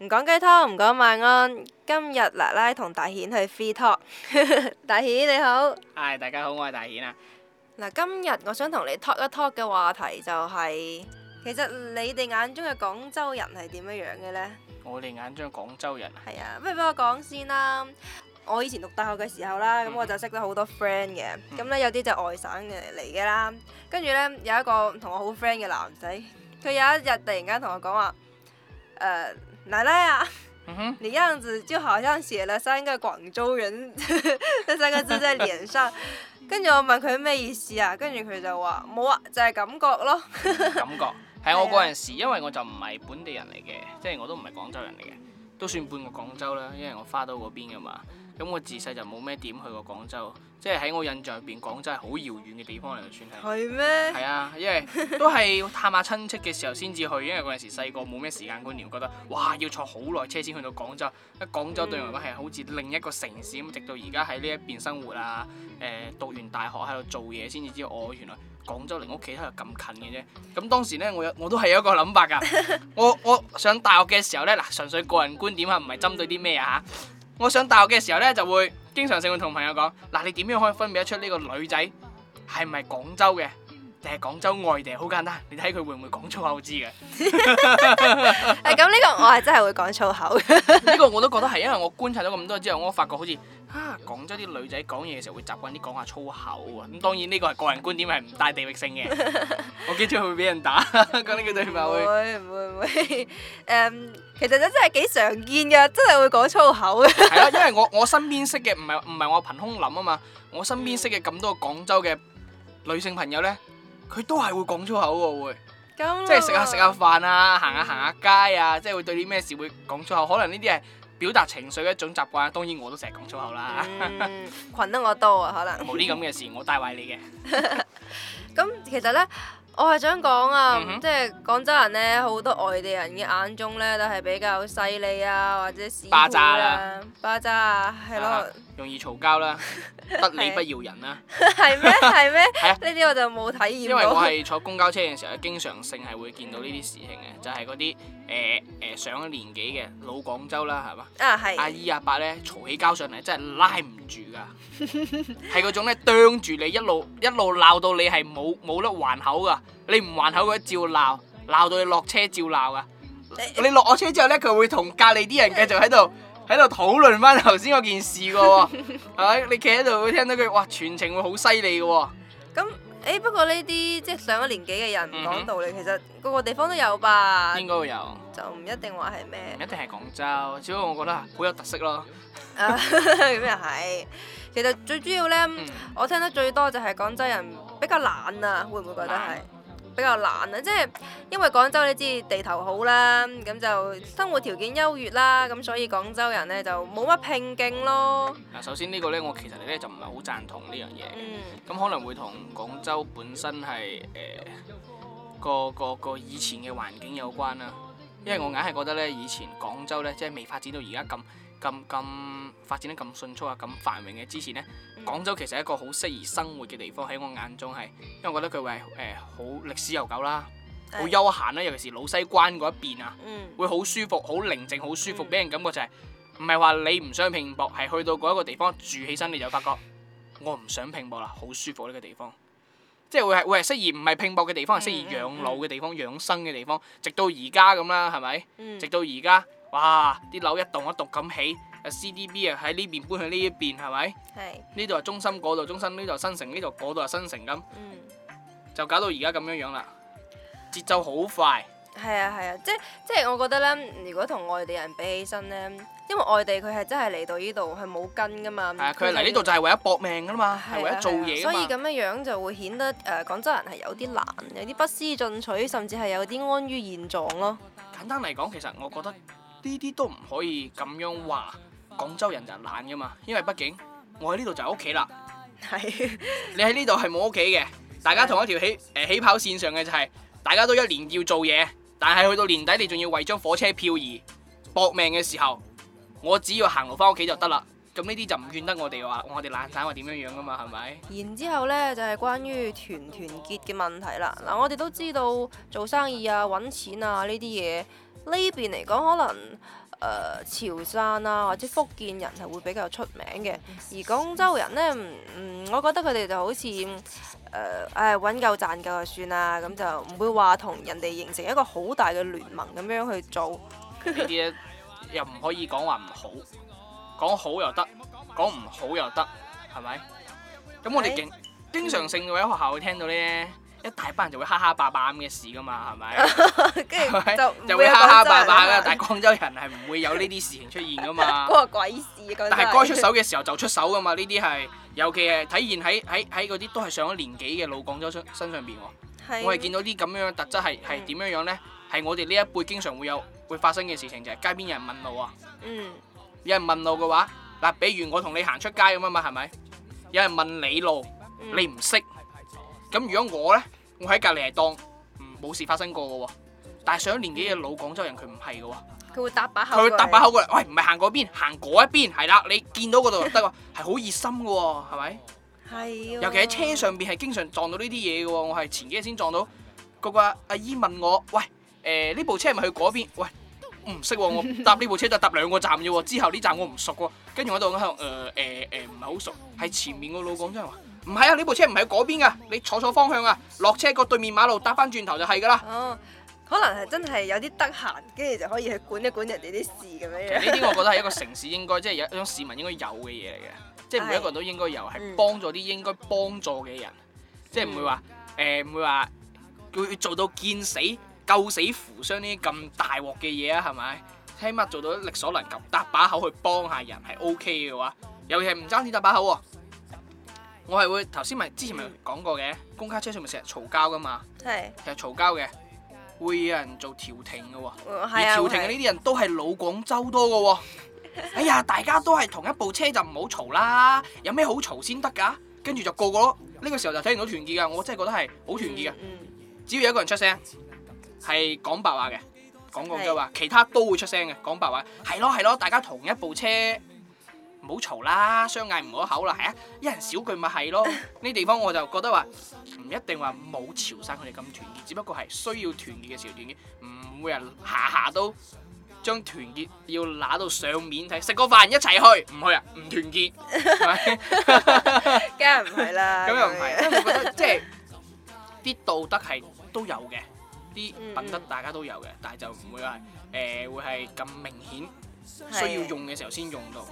唔講雞湯，唔講晚安。今日奶奶同大顯去 free talk。大顯你好，嗨，大家好，我係大顯啊。嗱，今日我想同你 talk 一 talk 嘅話題就係，其實你哋眼中嘅廣州人係點樣樣嘅呢？我哋眼中嘅廣州人係啊，不如俾我講先啦。我以前讀大學嘅時候啦，咁我就識咗好多 friend 嘅，咁咧有啲就外省嘅嚟嘅啦。跟住呢有一個同我好 friend 嘅男仔，佢有一日突然間同我講話，誒。奶奶啊，嗯、哼你樣子就好像寫了三個廣州人，這 三個字在臉上。跟住 我問佢咩意思啊，跟住佢就話冇啊，就係、是、感覺咯。 感覺係我嗰陣時，啊、因為我就唔係本地人嚟嘅，即、就、係、是、我都唔係廣州人嚟嘅，都算半個廣州啦，因為我花都嗰邊噶嘛。咁、嗯、我自細就冇咩點去過廣州，即係喺我印象入邊，廣州係好遙遠嘅地方嚟算係。係咩嗎？係啊，因為都係探下親戚嘅時候先至去，因為嗰陣時細個冇咩時間觀念，覺得哇要坐好耐車先去到廣州。一廣州對我嚟講係好似另一個城市咁。嗯、直到而家喺呢一邊生活啊，誒、呃、讀完大學喺度做嘢先至知，哦原來廣州離屋企喺度咁近嘅啫。咁當時呢，我有我都係有一個諗法㗎。我我上大學嘅時候呢，嗱純粹個人觀點啊，唔係針對啲咩啊我上大學嘅時候咧，就會經常性會同朋友講：嗱，你點樣可以分辨得出呢個女仔係唔係廣州嘅？定係廣州外地？好簡單。你睇佢會唔會講粗口知嘅？咁 呢 個我係真係會講粗口。呢個我都覺得係，因為我觀察咗咁多之後，我發覺好似啊廣州啲女仔講嘢嘅時候會習慣啲講下粗口啊。咁當然呢個係個人觀點，係唔帶地域性嘅。我經常會俾人打 講呢句對白，嗯、會唔會唔會、um, 其實真係幾常見嘅，真係會講粗口嘅。係啦，因為我我身邊識嘅唔係唔係我憑空諗啊嘛。我身邊識嘅咁多廣州嘅女性朋友呢。佢都係會講粗口喎，會、啊，即係食下食下飯啊，行下行下街啊，嗯、即係會對啲咩事會講粗口，可能呢啲係表達情緒嘅一種習慣。當然我都成日講粗口啦，群、嗯、 得我多啊，可能冇啲咁嘅事，我帶壞你嘅。咁 其實呢。我係想講啊，即係廣州人咧，好多外地人嘅眼中咧都係比較犀利啊，或者巴渣啊，巴渣啊，係咯，容易嘈交啦，得理不饒人啦，係咩？係咩？呢啲我就冇體驗過。因為我係坐公交車嘅時候，經常性係會見到呢啲事情嘅，就係嗰啲誒誒上咗年紀嘅老廣州啦，係嘛？啊，係。阿姨阿伯咧嘈起交上嚟，真係拉唔住㗎，係嗰種咧啄住你一路一路鬧到你係冇冇得還口㗎。你唔還口佢照鬧，鬧到你落車照鬧噶。你落咗車之後咧，佢會同隔籬啲人繼續喺度喺度討論翻頭先嗰件事噶喎。係咪？你企喺度會聽到佢，哇，全程會好犀利噶。咁誒，不過呢啲即係上咗年紀嘅人唔講道理，其實各個地方都有吧。應該會有。就唔一定話係咩。唔一定係廣州，只不過我覺得好有特色咯。咁又係。其實最主要咧，我聽得最多就係廣州人比較懶啊，會唔會覺得係？比較難啊！即係因為廣州你知地頭好啦，咁就生活條件優越啦，咁所以廣州人呢就冇乜拼勁咯。嗱，首先呢個呢，我其實咧就唔係好贊同呢樣嘢嘅。咁、嗯、可能會同廣州本身係誒、呃、個個個以前嘅環境有關啦。因為我硬係覺得呢，以前廣州呢，即係未發展到而家咁。咁咁發展得咁迅速啊，咁繁榮嘅之前呢，廣州其實係一個好適宜生活嘅地方，喺我眼中係。因為我覺得佢會係好歷史悠久啦、啊，好悠閒啦、啊，尤其是老西關嗰一邊啊，會好舒服，好寧靜，好舒服，俾、嗯、人感覺就係唔係話你唔想拼搏，係去到嗰一個地方住起身你就發覺我唔想拼搏啦，好舒服呢個地方，即係會係會係適宜唔係拼搏嘅地方，係適宜養老嘅地、地方、養生嘅地方，直到而家咁啦，係咪？直到而家。哇！啲樓一棟一棟咁起，啊 CDB 啊喺呢邊搬去呢一邊，係咪？係是。呢度係中心，嗰度中心呢度新城，呢度嗰度係新城咁。嗯、就搞到而家咁樣樣啦，節奏好快。係啊係啊，即即係我覺得咧，如果同外地人比起身咧，因為外地佢係真係嚟到呢度係冇根噶嘛。係啊，佢嚟呢度就係為咗搏命噶啦嘛，係、啊、為咗做嘢。所以咁樣樣就會顯得誒、呃、廣州人係有啲難，有啲不思進取，甚至係有啲安於現狀咯、哦。簡單嚟講，其實我覺得。呢啲都唔可以咁樣話，廣州人就係懶噶嘛？因為畢竟我喺呢度就係屋企啦。係， 你喺呢度係冇屋企嘅。大家同一條起誒、呃、起跑線上嘅就係、是、大家都一年要做嘢，但係去到年底你仲要為張火車票而搏命嘅時候，我只要路行路返屋企就得啦。咁呢啲就唔怨得我哋話我哋懶散或點樣樣噶嘛？係咪？然之後呢，就係、是、關於團團結嘅問題啦。嗱，我哋都知道做生意啊、揾錢啊呢啲嘢。呢邊嚟講，可能誒、呃、潮汕啊，或者福建人係會比較出名嘅。而廣州人呢，嗯，我覺得佢哋就好似誒，唉、呃，揾、哎、夠賺夠就算啦，咁就唔會話同人哋形成一個好大嘅聯盟咁樣去做呢啲嘢。 又唔可以講話唔好，講好又得，講唔好又得，係咪？咁我哋經的經常性會喺學校會聽到呢。一大班人就會蝦蝦霸霸咁嘅事㗎嘛，係咪？跟住 就會 就會蝦蝦霸霸㗎。 但係廣州人係唔會有呢啲事情出現㗎嘛。個鬼事！但係該出手嘅時候就出手㗎嘛，呢啲係尤其係體現喺喺喺嗰啲都係上咗年紀嘅老廣州身上邊。的我係見到啲咁樣嘅特質係係點樣樣咧？係我哋呢一輩經常會有會發生嘅事情就係、是、街邊有人問路啊。嗯、有人問路嘅話，嗱，比如我同你行出街咁啊嘛，係咪？有人問你路，嗯、你唔識。咁如果我咧，我喺隔籬係當，冇事發生過嘅喎，但係上咗年紀嘅老廣州人佢唔係嘅喎，佢會搭把口，佢會搭把口過嚟，喂，唔係行嗰邊，行嗰一邊，係啦，你見到嗰度得喎，係好熱心嘅喎，係咪？係、欸啊。尤其喺車上邊係經常撞到呢啲嘢嘅喎，我係前幾日先撞到嗰個阿姨問我，喂，誒、呃、呢部車係咪去嗰邊？喂，唔識喎，我搭呢部車就搭兩個站咋喎，之後呢站我唔熟喎，跟住我喺度講，誒誒唔係好熟，係、呃呃呃呃呃呃、前面個老廣州人話。噴唔係啊，呢部車唔喺嗰邊噶，你坐錯方向啊！落車過對面馬路搭翻轉頭就係噶啦。哦，可能係真係有啲得閒，跟住就可以去管一管人哋啲事咁樣樣。其實呢啲我覺得係一個城市應該，即係有一種市民應該有嘅嘢嚟嘅，即係是每一個人都應該有，係幫助啲應該幫助嘅人。即係唔會話，誒、呃、唔會話，要做到見死救死扶傷呢咁大鑊嘅嘢啊，係咪？起碼做到力所能及，搭把口去幫下人係 OK 嘅話，尤其係唔爭錢搭把口、啊。我係會頭先咪之前咪講過嘅，公交車上咪成日嘈交噶嘛，係，成日嘈交嘅，會有人做調停嘅喎，哦啊、而調停嘅呢啲人都係老廣州多嘅喎。 哎呀，大家都係同一部車就唔好嘈啦，有咩好嘈先得㗎？跟住就個個咯，呢、呢個時候就睇唔到團結㗎，我真係覺得係好團結嘅。嗯嗯、只要有一個人出聲，係講白話嘅，講廣州話，是其他都會出聲嘅，講白話，係咯係咯，大家同一部車。冇嘈啦，相嗌唔好口啦，係啊，一人少句咪係咯。呢地方我就覺得話唔一定話冇潮汕佢哋咁團結，只不過係需要團結嘅時候團結。唔會人下下都將團結要攞到上面睇，食個飯一齊去，唔去啊？唔團結，梗係唔係啦？咁又唔係，我覺得即係啲道德係都有嘅，啲品德大家都有嘅，但係就唔會話誒會係咁明顯。需要用嘅時候先用到，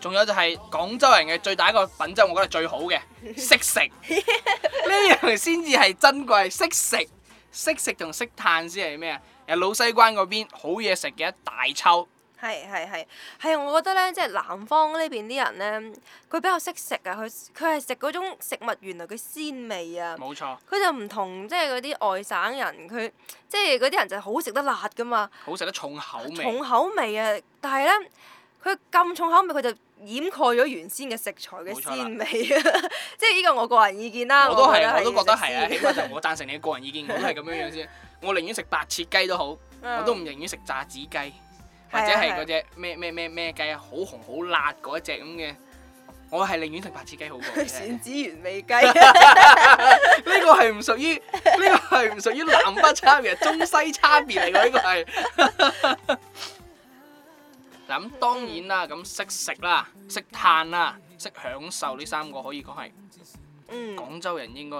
仲有就係廣州人嘅最大一個品質，我覺得係最好嘅，識食呢樣先至係珍貴，識食，識食同識嘆先係咩啊？有老西關嗰邊好嘢食嘅一大抽。係係係，係我覺得咧，即係南方邊呢邊啲人咧，佢比較識食啊！佢佢係食嗰種食物，原來佢鮮味啊！冇錯，佢就唔同即係嗰啲外省人，佢即係嗰啲人就好食得辣㗎嘛，好食得重口味，重口味啊！但係咧，佢咁重口味，佢就掩蓋咗原先嘅食材嘅鮮味啊！ 即係呢個我個人意見啦。我都係，我，我都覺得係啊！鮮起碼就我贊成你個人意見， 我都係咁樣樣先。我寧願食白切雞都好 都雞好，我都唔寧願食炸子雞。或者係嗰隻咩咩咩咩雞啊，好紅好辣嗰隻咁嘅，我係寧願食白切雞好過。 選子原味雞，呢 個係唔屬於，呢、呢個係唔屬於南北差別、中西差別嚟㗎，呢個係。嗱，咁當然啦，咁識食啦，識嘆啦，識享受呢三個可以講係，嗯，廣州人應該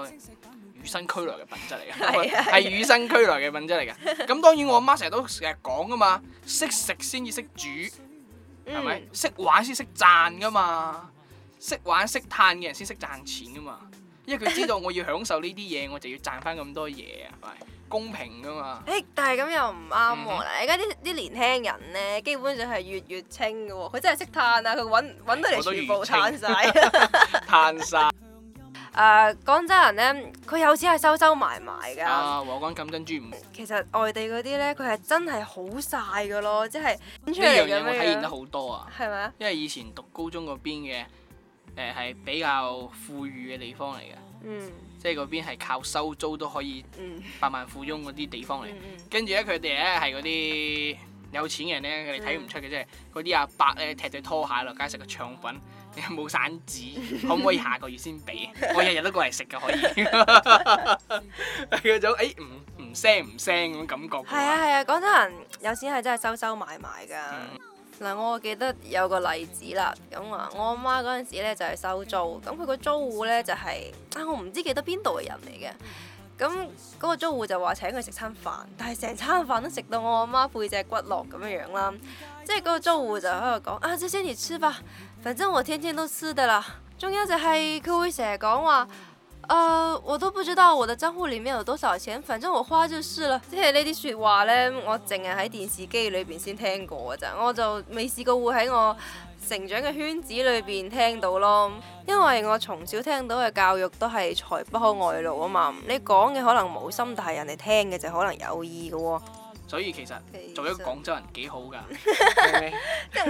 與生俱來嘅品質嚟嘅，係 與生俱來嘅品質嚟嘅。咁 當然我阿媽成日都成日講噶嘛，識食先至識煮，係咪？識玩先識賺噶嘛，識玩識嘆嘅人先識賺錢噶嘛，因為佢知道我要享受呢啲嘢，我就要賺返咁多嘢啊，係公平噶嘛。誒，但係咁又唔啱喎。而家啲啲年輕人咧，基本上係月月清噶喎，佢真係識嘆啊，佢揾揾得嚟全部嘆曬，嘆曬。誒，廣州人咧，佢有錢係收收埋埋㗎。啊，黃金咁珍珠。其實外地嗰啲咧，佢係真係好晒㗎咯，即係。呢樣嘢我體現得好多啊。係咪啊？因為以前讀高中嗰邊嘅，誒、呃、係比較富裕嘅地方嚟嘅。嗯。即係嗰邊係靠收租都可以，百萬富翁嗰啲地方嚟。跟住咧，佢哋咧係嗰啲。有錢人咧，你睇唔出嘅啫。嗰啲阿伯咧，踢隻拖鞋落街食個腸粉，你冇散紙， 可唔可以下個月先俾？我日日都過嚟食嘅，可以。嗰種誒唔唔聲唔聲咁感覺。係啊係啊，廣州、啊、人有錢係真係收收埋埋㗎。嗱、嗯，我記得有個例子啦。咁啊，我阿媽嗰陣時咧就係、是、收租，咁佢個租戶咧就係、是、啊，我唔知記得邊度嘅人嚟嘅。咁嗰個租戶就話請佢食餐飯，但係成餐飯都食到我阿媽背脊骨落咁樣樣啦，即係嗰個租戶就喺度講啊，即係你吃吧，反正我天天都吃的啦，仲有就係佢會成日講話。誒，uh, 我都不知道我的賬戶裏面有多少錢，反正我花就是了。即係呢啲說話呢，我淨係喺電視機裏邊先聽過嘅咋，我就未試過會喺我成長嘅圈子裏邊聽到咯。因為我從小聽到嘅教育都係財不可外露啊嘛，你講嘅可能冇心，但係人哋聽嘅就可能有意嘅喎。所以其實做一個廣州人幾好噶，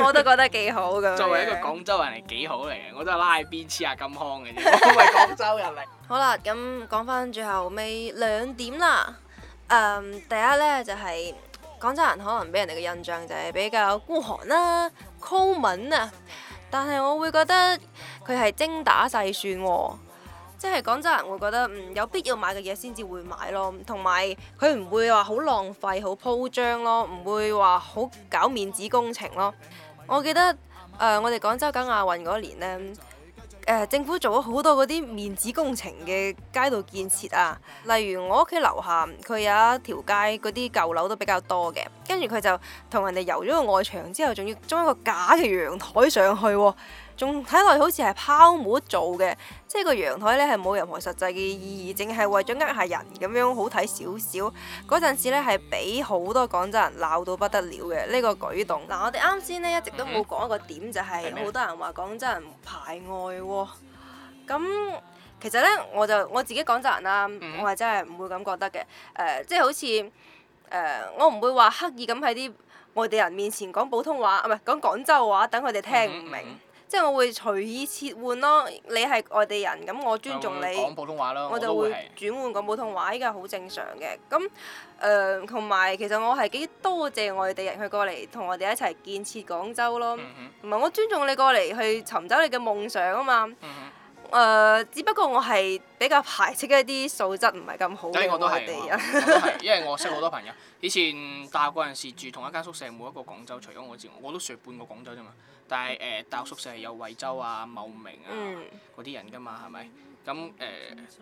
我都覺得幾好噶。作為一個廣州人係幾好嚟嘅。 我都係拉邊黐下金腔嘅啫，因為廣州人嚟。好啦，咁講翻最後尾兩點啦。Um, 第一呢，就係、是、廣州人可能俾人哋嘅印象就係比較孤寒啦、啊、高敏啊，但係我會覺得佢係精打細算喎、啊。即係廣州人會覺得嗯，有必要買嘅嘢先至會買咯，同埋佢唔會話好浪費、好鋪張咯，唔會話好搞面子工程咯。我記得誒、呃，我哋廣州搞亞運嗰年呢、呃，政府做咗好多嗰啲面子工程嘅街道建設啊，例如我屋企樓下佢有一條街嗰啲舊樓都比較多嘅，跟住佢就同人哋油咗個外牆之後，仲要裝一個假嘅陽台上去喎。仲睇落好似係泡沫做嘅，即係個陽台呢係冇任何實際嘅意義，淨係為咗呃下人咁樣，樣好睇少少。嗰陣時呢係俾好多廣州人鬧到不得了嘅呢、這個舉動。嗱、嗯啊，我哋啱先呢一直都冇講一個點，就係、是、好多人話廣州人排外、啊。咁、嗯嗯、其實呢，我就我自己廣州人啦、啊，我係真係唔會咁覺得嘅。誒、呃，即係好似誒、呃，我唔會話刻意咁喺啲外地人面前講普通話，唔係講廣州話，等佢哋聽唔明。嗯即係我會隨意切換咯，你係外地人，咁我尊重你，講普通話咯，我就會我轉換講普通話，依個係好正常嘅。咁誒，同、呃、埋其實我係幾多謝外地人去過嚟同我哋一齊建設廣州咯，唔係、嗯、哼我尊重你過嚟去尋找你嘅夢想啊嘛。誒、嗯哼呃，只不過我係比較排斥一啲素質唔係咁好嘅外地人， 因為我識好多朋友。以前大學嗰陣時住同一間宿舍，每一個廣州，除咗我之外，我都算半個廣州啫嘛。但係誒、呃，大學宿舍係有惠州啊、茂名啊嗰啲、嗯、人噶嘛，係咪？咁誒、呃、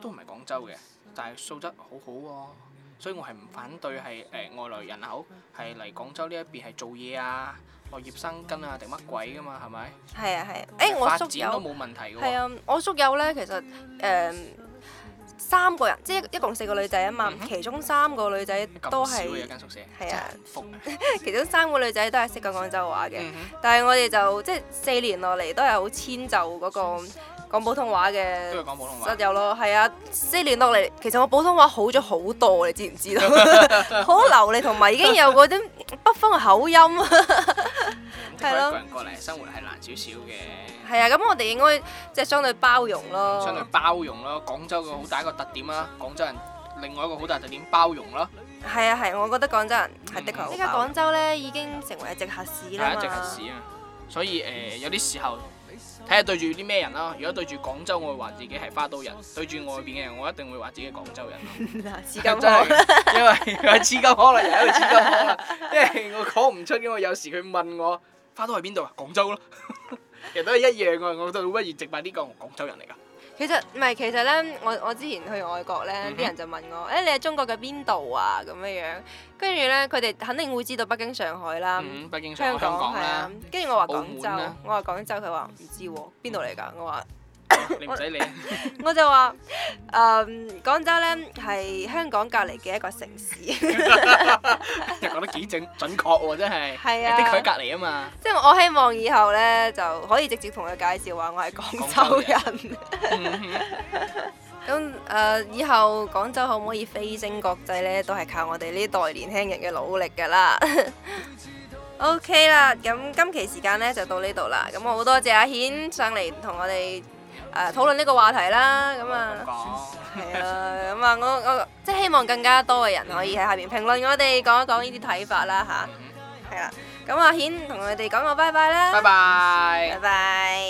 都唔係廣州嘅，但係素質好好、啊、喎。所以我係唔反對係誒、呃、外來人口係嚟廣州呢一邊係做嘢啊、落葉生根啊，定乜鬼噶嘛，係咪？係啊係啊，誒、啊欸、我宿友，發展都冇問題噶，係啊，啊，我宿友咧，其實誒。嗯三個人，即係一一共四個女仔啊嘛，嗯、哼其中三個女仔都係，係啊， 其中三個女仔都係識講廣州話嘅，嗯、哼但係我哋就即係四年落嚟都係好遷就嗰個。講普通話嘅都普通話有咯，係啊，啊，四年落嚟，其實我普通話好咗好多，你知唔知道？好 流利同埋已經有嗰啲北方嘅口音，係 咯、嗯。一個人過嚟 生活係難少少嘅。係啊、嗯，咁我哋應該即係相對包容咯。相對包容咯，廣州嘅好大一個特點啦、嗯，廣州人另外一個好大特點包容咯。係啊係，嗯嗯、我覺得廣州人係的確。依家廣州咧已經成為係直轄市啦嘛。係、嗯、直轄市啊，所以誒、呃、有啲時候。睇下對住啲咩人啦，如果對住廣州，我會話自己係花都人；嗯、對住外面嘅人，我一定會話自己係廣州人。資、嗯、金可能， 因為資金可能又係一個金可能，即係 我講唔出，因為有時佢問我花都喺邊度啊，廣州咯，其 實都係一樣啊，我都好不自覺係呢個廣州人嚟㗎。其實唔係，其實咧，我我之前去外國咧，啲、嗯、哼人就問我，誒、欸、你喺中國嘅邊度啊？咁嘅樣，跟住咧，佢哋肯定會知道北京、上海啦，嗯、北京香港啦，跟住、啊、我話廣州，我話廣州，佢話唔知喎，邊度嚟㗎？嗯、我話。你唔使理，我就話誒、嗯、廣州呢係香港隔離嘅一個城市，講 得幾正準確喎，啊，真係係啊，佢隔離啊嘛。即係我希望以後呢就可以直接同佢介紹話我係廣州人。咁誒州、呃，以後廣州可唔可以飛升國際呢？都係靠我哋呢代年輕人嘅努力㗎啦。 OK 啦，咁今期時間呢就到呢度啦。咁我好多謝阿顯上嚟同我哋。誒討論呢個話題啦，咁啊，係啊，咁啊，我我即係希望更加多嘅人可以喺下邊評論，我哋講一講呢啲睇法啦嚇。係啦，咁阿軒同佢哋講個拜拜啦，拜拜，拜拜。